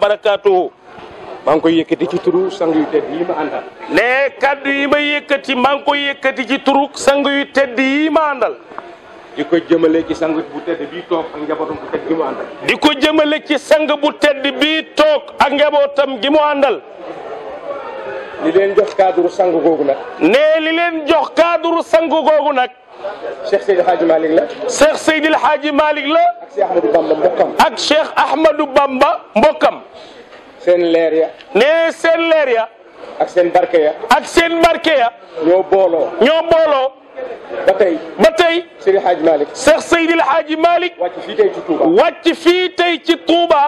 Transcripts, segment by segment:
barakaatuhu maa ngi koy ci turu sang yu tedd yi ma àndal. nee kaddu yi ma yëkkati maa ngi koy yëkkati ci turu sang yu tedd yi ma àndal. di ko jëmale ci sang bu tedd bii toog ak njabootam bu tedd di ko jëmale ci sang bu tedd bii toog ak njabootam gi mu àndal. li leen jox cadre sang googu nag. nee li leen jox cadre sang googu nag. Cheikh Seydil Hadji Malick la. Cheikh Seydil Hadji Malick la. ak Cheikh Ahmadou Bamba mbokkam. ak Cheikh Ahmadou Bamba mbokkam. seen leer ya. nee seen leer ya. ak seen barke ak seen barke ba tey ba tey Seydi Hadji Malick Cheikh Seydil Hadji Malick wàcc fii tey ci Touba wàcc fii tey ci Touba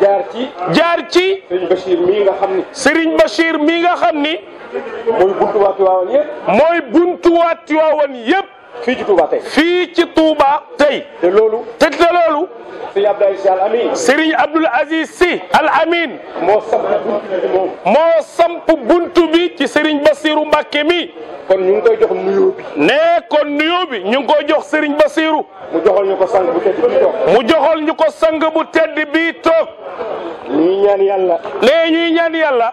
jaar ci jaar ci Serigne Bachir nga xam ni Serigne Bachir mii nga xam ni mooy buntu waa Tiwaawan yëpp fii ci Touba tey. fii ci Touba te loolu. te te loolu. Serigne Abdoul Aziz Sy Al Amin. moo samp buntu bi moom. moo samp ci Serigne Bassirou Mbacké mi. kon ñu ngi koy jox nuyoo bi. nee kon nuyoo bi ñu ngi koy jox Serigne basiiru mu joxol ñu ko sang bu tedd bi toog. mu joxol ñu ko sang bu tedd nee ñuy ñaan yàlla.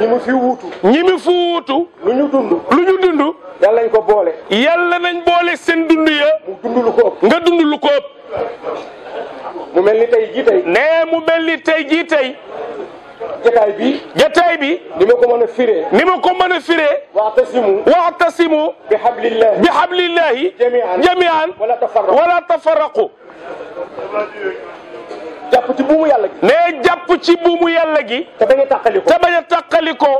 ñi mu fi wuutu. ñi fi wuutu. lu ñu dund. lu ñu dund. yàlla nañ ko boole. yàlla nañ boole seen dund ya. mu dund lu ko nga dund lu ko mu mel ni tay jii nee mu mel ni tey jii tey. jataay bi. jataay bi. ni ma ko mën a firee. ni ma ko mën a firee. waxtasimu. waxtasimu. bi xablillahi. bi wala tafarraqu. jàpp ci buumu yàlla nee jàpp ci buumu yàlla gi. te bañ a tàqalikoo te bañ a tàqalikoo.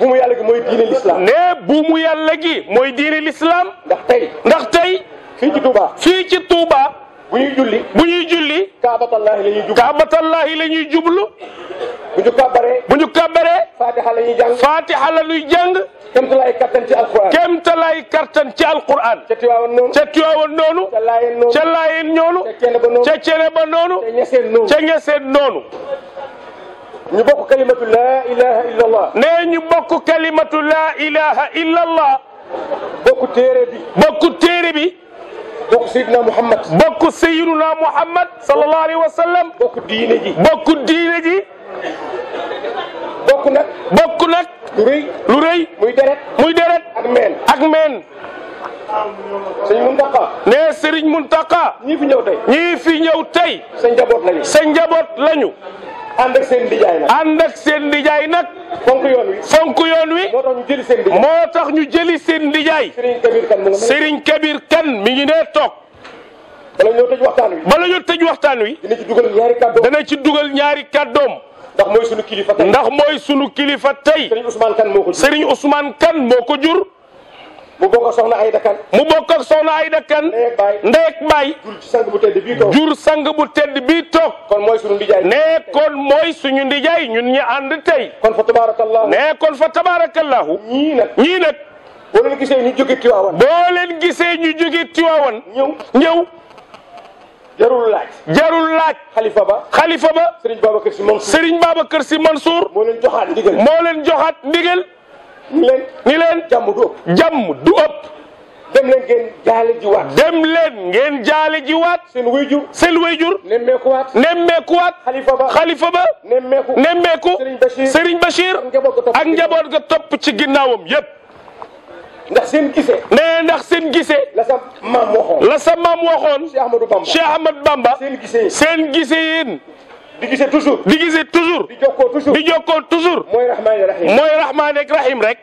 buumu yàlla gi mooy diine lislaam. nee buumu yàlla gi mooy diine lislaam. ndax tey. ndax tey. fii ci Touba. fii ci Touba. bu ñuy julli. bu ñuy julli. kaabatallaahi la ñuy jublu la ñuy jublu. bu ñu kàbbaree. bu ñu kàbbaree. faatiha la ñuy jàng. faatiha la ñuy jàng. kemtalaay kattan ci alquran. ci alquran. ca Tiwaawan noonu. ca Tiwaawan noonu. ca noonu. ca Laayeen noonu. ca ba noonu. ca Cene ba noonu. ca Ñaseen noonu. ca Ñaseen ñu bokk kalimatu laa ilaha illallah. nee ñu bi. bokk Seydina Muhammad. bokk Seydina Muhammad sallallahu alayhi wa sallam. bokk diine ji bokk diine ji. bokk nag. bokk nag. lu rëy. lu rëy. muy deret. muy deret. ak meen. ak meen. sëriñ Mountakha. nee sëriñ Mountakha. ñii fi ñëw tey. ñii fi ñëw tey. sa njaboot lañu. sa njaboot lañu. ànd ak seen ndijaay nag. fonk yoon wi fonk yoon wi. moo tax ñu jëli seen lijaay moo tax ñu jëli seen ndijaay. Serigne Kabir Kan mi ngi nee toog. bala ñoo tëj waxtaan wi bala ñoo tëj waxtaan wi. dana ci dugal ñaari kàddoom ci dugal ñaari kàddoom. ndax mooy sunu kilifa tey ndax mooy sunu kilifa tey. Serigne Ousmane Kan moo ko Kan moo ko jur. mu bokk ak soxna Ayda Kan Kan ndeek baay jur sang bu tedd bii toog mooy suñu ndijaay nee kon mooy suñu ndijaay ñun ñu ànd tey nee kon fa tabaarakallahu ñii nag ñii nag jarul laaj jarul laaj xalifa ba xalifa ba Serigne Babacar Sy joxaat ndigal ni leen ni leen jàmm du ëpp jàmm du ëpp dem leen ngeen jaale ji waat dem leen ngeen jaale ji waat seen wayjur nemmeeku waat nemmeeku waat xalifa ba xalifa ba nemmeeku nemmeeku Serigne Bachir ak njaboot ga topp ci ginnaawam yépp ndax seen gisee. nee ndax seen gisee. la sa maam waxoon la sa maam waxoon. Cheikh Ahmadou Bamba Cheikh Ahmadou Bamba. seen gisee seen di gisee toujours. di gisee toujours. di jokkoo toujours di jokkoo toujours. mooy rahmaani rahim mooy rahmaani rahim rek.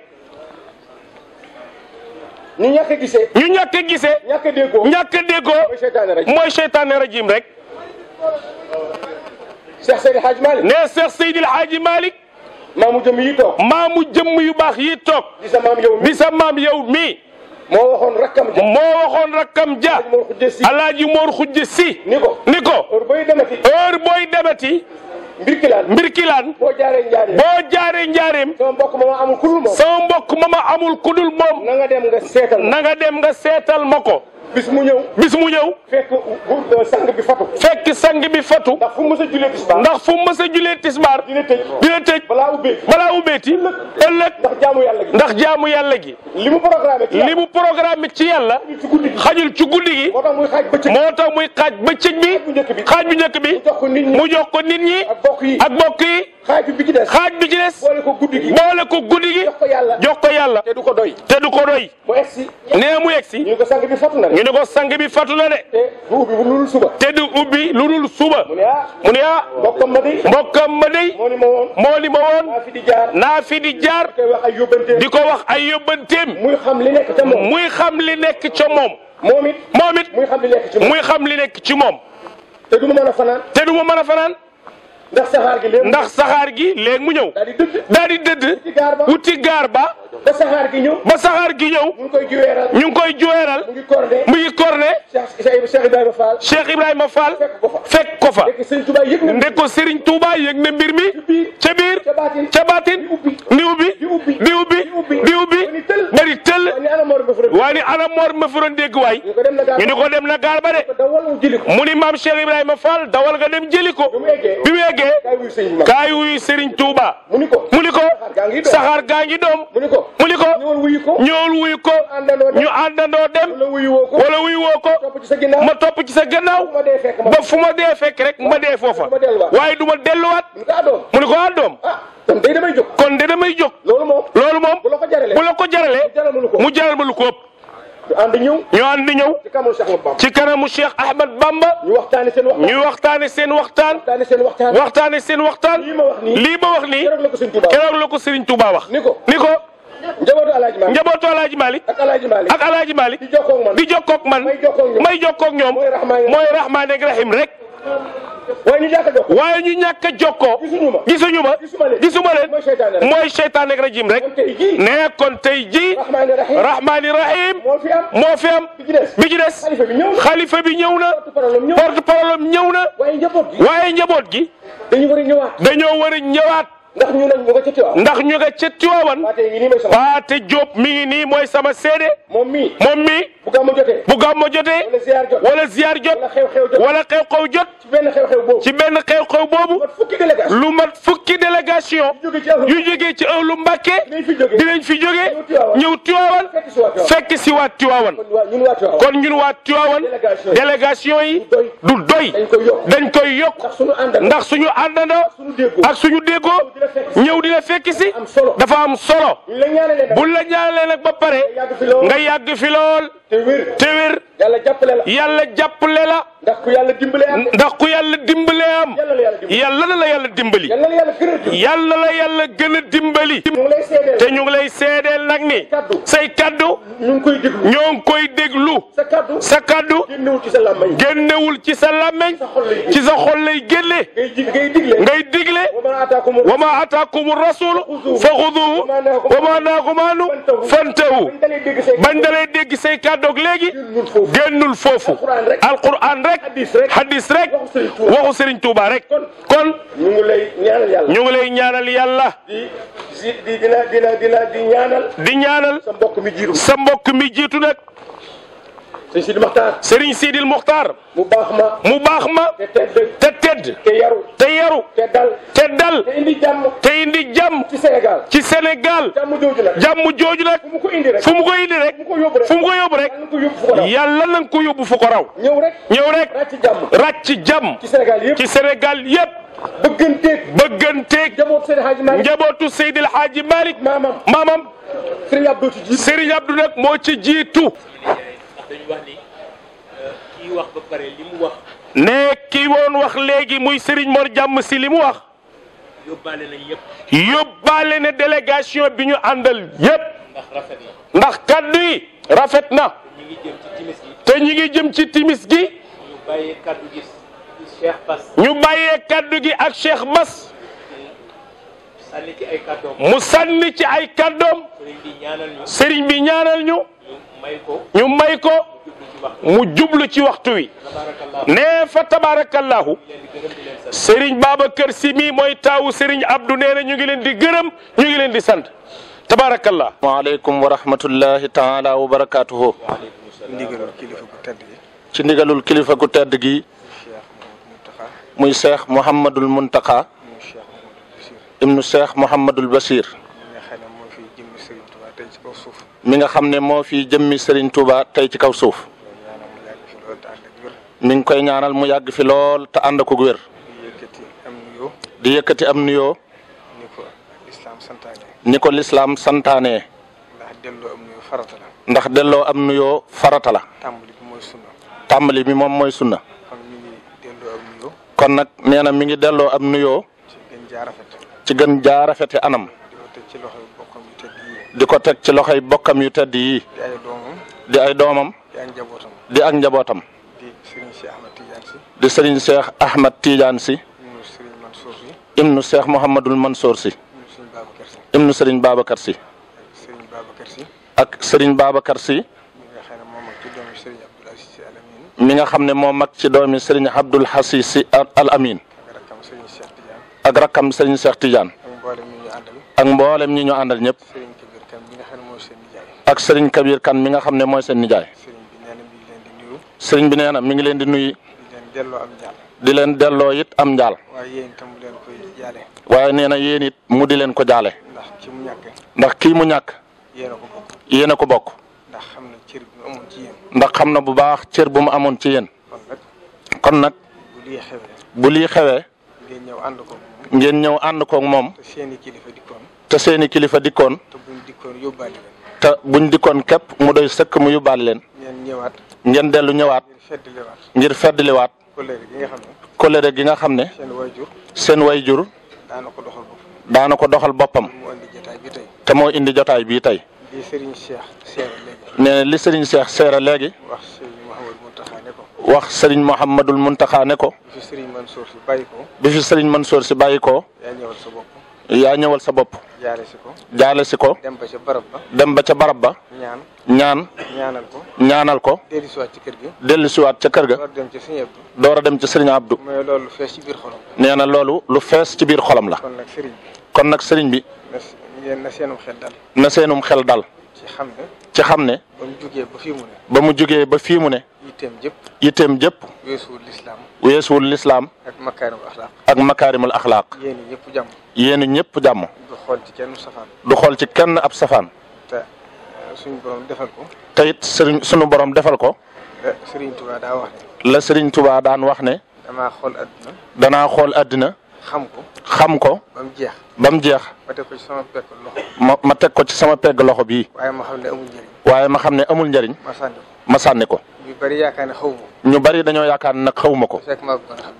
ñu ñàkk a gisee. ñu ñàkk a gisee. ñàkk a déggoo ñàkk a déggoo. mooy seytaane rajim rek. Cheikh Seydil Hadj Malick. nee Cheikh Seydil Hadj Malick. maamu jëmm yi toog. maamu jëmm yu baax yi toog. di sa maam yow mii di sa maam yow mii. moo waxoon rakkam ja moo waxoon rakkam ja alaaji Mor Xujje Si ni ko ni ko heure booy demati heure booy demati mbir kilaan mbir kilaan boo jaaree njaareem boo jaaree njaareem sama mbokk mama amul kudul moom sama mbokk ma amul kudul moom na nga dem seetal na nga dem nga seetal ma ko bis mu ñëw bis mu ñëw. fekk euh, sang bi fatu. fekk sang bi fatu. ndax fu mu mës a tisbaar. ndax fu mu mës a julee tisbaar. dina tëj dina tëj. balaa ubbeeti balaa ubbeeti. ëllëg ndax jaamu yàlla gi. ndax jaamu yàlla gi. li mu programme ci yàlla li mu ci yàlla. xajul ci guddi gi. moo tax muy xaaj bëccëg bi moo tax muy xaaj bëccëg bi. xaaj bu njëkk bi xaaj bu njëkk bi. mu jox ko nit ñi mu jox ko nit ñi. ak bokk yi ak bokk xaaj bi ci boole ko guddi gi boole ko guddi gi. jox ko yàlla jox ko yàlla. te du ko doy te du ko doy. mu egg si nee mu egg si. ñu ne ko sang bi fatu na de. ñu ne ko sang bi fatu na te du ubbi lu dul suba. lu dul suba. mu ne ah mu ne ah. mbokkam ma dey mbokkam ma dey. moo ni ma woon moo ni ma woon. naa fi di jaar naa fi di jaar. di ko wax ay yóbbanteem. muy xam li nekk ca moom muy xam li nekk ca moom. moom it moom it muy xam li nekk ci moom muy xam li nekk ci moom. ma mën fanaan ndax saxaar gi léegi mu ñëw daal di dëdd wuti gaar ba ba saxaar gi ñëw. ba gi ñëw. ñu ngi koy juweeral. ñu ngi koy juweeral. mu ngi corné. mu ngi corné. Cheikh Ibrahima Fall. Cheikh Ibrahima Fall. ko fa fekk ko fa. ndek ko Serigne Touba yëg na mbir mi. ca biir ca baatin. ni ubbi di ubbi di ubbi di ubbi. bari tëll. waa ni ana Mor ma furoon dégg waay. ko dem na gaar ba de. mu ni maam Cheikh Ibrahima Fall dawal nga dem jëli ko. bi mu eggee. kaay wuyu Serigne Touba. mu ni ko saxaar gaa ngi doom. ko mu ni ko ñëwal wuyu ko ñu àndandoo dem wala wuy woo ko ma topp ci sa gannaaw ba fu ma dee fekk rek ma dee foofa waaye du ma delluwaat mu ni ko àddoom ah, kon de damay jóg kon de damay jóg loolu moom bu la ko jaralee mu jaral ma lu ko ëpp ñu ànd ñëw ñu ànd ñëw ci kanamu Cheikh Ahmad Bamba ñu waxtaane seen waxtaan ñu waxtaane seen waxtaan waxtaane seen waxtaan lii ma wax nii keroog la ko Serigne Touba wax ni njabootu alaaji Malick njabootu alaaji Malick ak alaaji Malick ak alaaji Malick di jokkoog man di jokkoog man may jokkoog ñoom mooy rahmaan ak rahim rek. waaye ñu ñàkk a jokkoo a jokkoo gisuñu ma gisu ma leen mooy seytaan ak rajim rek nee kon tey jii rahmaani rahim moo fi am bi ci des xalifa bi ñëw na porte parole am ñëw na waaye njaboot gi dañoo war a ñëwaat. ndax ñu nag ñu nga ca Tiwaawan. ndax ñu nga ca Tiwaawan. Paate Diop mi ngi nii mooy sama seede. moom mi moom mii. bu gàmmu jotee bu gàmmu jotee wala ziar jot wala xew-xew jot ci benn xew-xew boobu lu mat fukki délégation yu jógee ci ëllu Mbàkke dinañ fi jógee ñëw Tiwaawan fekk si waa Tiwaawan kon ñun waa Tiwaawan délégation yi du doy dañ koy yokk ndax suñu àndandoo ak suñu déggoo ñëw dina fekk si dafa am solo buñ la ñaanalee nag ba pare nga yàgg fi lool. te wér. yàlla jàppale la. ndax ku yàlla dimbalee am ndax yàlla dimbalee yàlla na la yàlla dimbali. yàlla la yàlla gën dimbali. yàlla la yàlla gën dimbali. te ñu ngi lay seedeel nag ni. say kaddu. ñu ngi koy déglu ñoo koy déglu. sa kaddu sa kaddu. génnewul ci sa làmmeñ. génnewul ci sa làmmeñ. ci sa xol lay génne. ngay digle ngay digle. wa ma ataakumu rasul. fa xuduhu wa ma naakum anu fantahu. bañ dalee dégg say kaddu léegi. génnul foofu alquran rek hadis rek waxu Serigne Touba rek kon ñu ngi lay ñaanal yàlla ñu ngi lay ñaanal yàlla di di di ñaanal di ñaanal sa mbokk mi jiitu nag sëriñ Sidil Mokhtar. sëriñ Sidil Mokhtar. mu baax ma. mu baax ma. te tedd. te te yaru. te yaru. te dal. te dal. te indi jàmm. te indi jàmm. ci Sénégal. ci Sénégal. jàmm jooju nag. jàmm jooju nag. fu mu ko indi rek. fu mu ko indi rek. fu mu ko yóbbu rek. yàlla na ko yóbbu fu ko raw. ñëw rek. ñëw rek. ràcc jàmm. ràcc jàmm. ci Sénégal yëpp. ci Sénégal yëpp. bëgganteeg. bëgganteeg. njabootu Seydil Hadji Malick. maamam maamam. Serigne Abdou nag moo ci jiitu. dañu wax ni euh, ne kii woon wax léegi muy sëriñ Mor jàmm si li mu wax. yóbbaale na yëpp. bi ñu àndal yëpp. ndax rafet ndax kaddu yi rafet na. te ñi ngi jëm ci timis gi. te gi. ñu bàyyee kaddu gi ak Cheikh Bass. mu sànni ci ay kàddoom sëriñ bi ñaanal ñu ñu may ko mu jublu ci waxtu wi nee fa tabarakallahu sëriñ Babacar Si mi mooy taawu sëriñ Abdou nee na ñu ngi leen di gërëm ñu ngi leen di sant tabarakallah waaleykum wa rahmatullahi taala wa barakaatuhu ci ndigalul kilifa gu tedd gi muy seex Muhammadul Muntaqa ibnu Cheikh Mouhamadul Bachir. mi nga xam ne moo fi jëmmi Serigne Touba tey ci kaw suuf. mi ngi koy ñaanal mu yàgg fi lool te ànd ko wér. di yëkkati am nuyoo. ni ko lislaam santaane. ni ko lislaam santaane. ndax delloo am nuyoo farata la. ndax delloo am nuyoo farata la. tàmbali bi moom mooy sunna. kon nag nee mi ngi delloo am nuyoo. ci gën jaa rafete anam. di ko teg ci loxoy bokkam yu tedd di ay doomam. di ay doomam. di ak njabootam. di ak njabootam. di Serigne Cheikh Ahmed Tidiane si. di Serigne Cheikh Ahmed Tidiane si. imnu Serigne Mansour si. imnu Cheikh Mouhamadul Mansour si. imnu Serigne Babacar si. ak Serigne Babacar si. mi nga xam ne moo mag ci doomi Serigne Abdoul Aziz Al Amine. ak rakkam sëriñ Cheikh Tidiane ak mboolem ñi ñu àndal ñëpp ak sëriñ Kabir Kane mi nga xam ne mooy seen nijaay sëriñ bi nee na mi ngi leen di nuyu di leen delloo it am njaal waaye nee na yéen it mu di leen ko jaale ndax kii mu ñàkk yéen a ko bokk ndax xam na bu baax cër bu mu amoon ci yéen kon nag bu lii xewee ngeen ñëw ànd koog moom. te seeni kilifa dikkoon. te seeni kilifa dikkoon. te buñ dikkoon yóbbaale leen. te buñ dikkoon képp mu doy sëkk mu yóbbaale leen. ngeen ñëwaat. ngeen dellu ñëwaat. ngir feddliwaat. kolere gi nga xam gi nga xam ne. seen wayjur. seen daana ko doxal boppam. daana ko doxal boppam. moo indi jotaay bi tey. te moo indi jotaay bii tey. li Serigne Cheikh seera léegi. li Serigne Cheikh seera léegi. wax wax Serigne Mouhamadul Muntaxa ne ko. bi fi Serigne Mansour si bàyyi ko. bi fi Serigne Mansour si bàyyi ko. yaa ñëwal sa bopp. yaa ñëwal sa bopp. jaale si ko. jaale si ko. dem ba barab ba. dem ba ca barab ba. ñaan. ñaan. ñaanal ko. ñaanal ko. dellusiwaat ci kër gi. dellusiwaat ca kër ga. door a dem ci Serigne Abdou. door dem ci Serigne Abdou. mais loolu lu fees ci biir xolam. nee na loolu lu fees ci biir xolam la. kon nag Serigne bi. kon nag Serigne bi. na seenum xel dal. na seenum xel dal. ci xam ne. ci xam ne. ba mu jugee ba fii mu ne. ba mu jugee ba fii mu ne. yitteem jëpp. yitteem jëpp. weesuwul lislaam. weesuwul lislaam. ak makaarimul axlaaq. ak makaarimul axlaaq. yéen ñëpp yéen ñëpp jàmm. du xool ci kenn safaan. du xool ci kenn ab safaan. te euh, suñu borom defal ko. te it sëriñ borom defal ko. la sëriñ Touba daa wax ne. la daan wax ne. damaa xool àddina. xool àddina. xam ko. xam ko. ba mu jeex. ba mu jeex. ma teg ko ci sama pegg loxo. ma ma teg ko ci sama pegg loxo bii. waaye ma xam ne amul njëriñ. waaye ma xam ne amul njëriñ. ma sànni ko ma sànni ko. ñu bari yaakaar ne xaw ñu bari dañoo yaakaar ne nag xaw ma ko.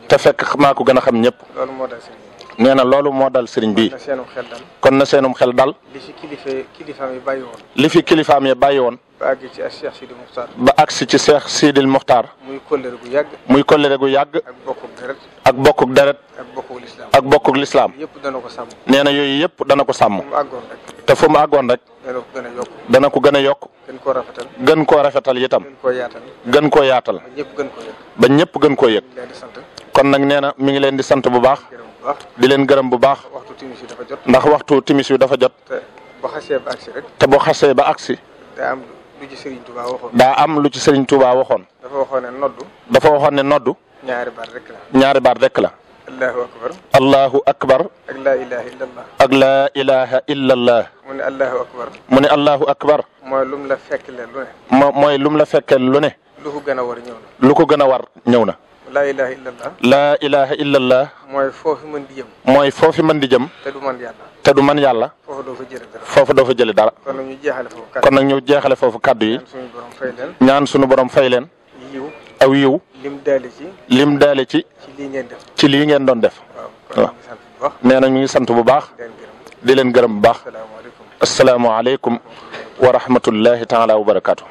te fekk maa ko gën a xam ñëpp. loolu moo nee na loolu moo dal sëriñ bi. kon na seenum xel dal. li fi kilifa kilifaam yi bàyyi woon. li fi kilifaam yi bàyyi woon. ba àgg ci Cheikh Sidil Muxtaar. ba àggsi ci Cheikh Sidil Muxtaar. muy kóllëre gu yàgg. muy kóllëre gu yàgg. ak bokkuk ak bokkuk deret. ak bokkuk lislaam nee na yooyu yëpp dana ko sàmm te fu mu àggoon rek dana ko gën a yokk gën koo rafetal itam gën koo yaatal ba ñëpp gën koo yëg kon nag nee na mi ngi leen di sant bu baax di leen gërëm bu baax ndax waxtu timis yu dafa jot te boo xasee ba agsi daa am lu ci Serigne Touba waxoon dafa waxoon ne noddu ñaari baat rek la allahu akbar. allahu akbar. ak la ilaha illallah. ak laa ilaha illallah. mu ne allahu akbar. mu allahu akbar. mooy lum la fekkee lu ne. mooy lum la fekkee lu ne. lu gën a war ñëw na. lu ko gën a war ñëw na. laa ilaha illallah. laa ilaha illallah. mooy foofu mën di jëm. mooy foofu mën di jëm. te du man yàlla. du man yàlla. foofu doo fa dara. foofu doo fa jëlee dara. kon ñu jeexale foofu kàddu jeexale foofu kàddu yi. ñaan sunu borom fay leen. aw yiw lim daale ci. lim daale ci. ci ngeen def. ci lii ngeen doon def. waaw nee na ñu ngi sant bu baax. di leen gërëm bu baax. asalaamaaleykum wa rahmatullahi taala wa barakaatu.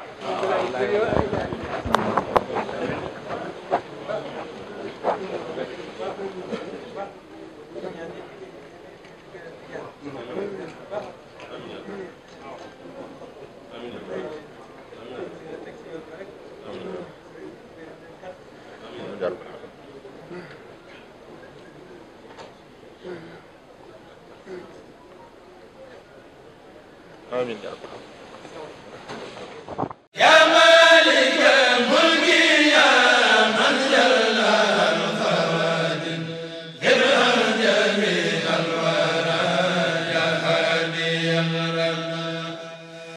jàll amiin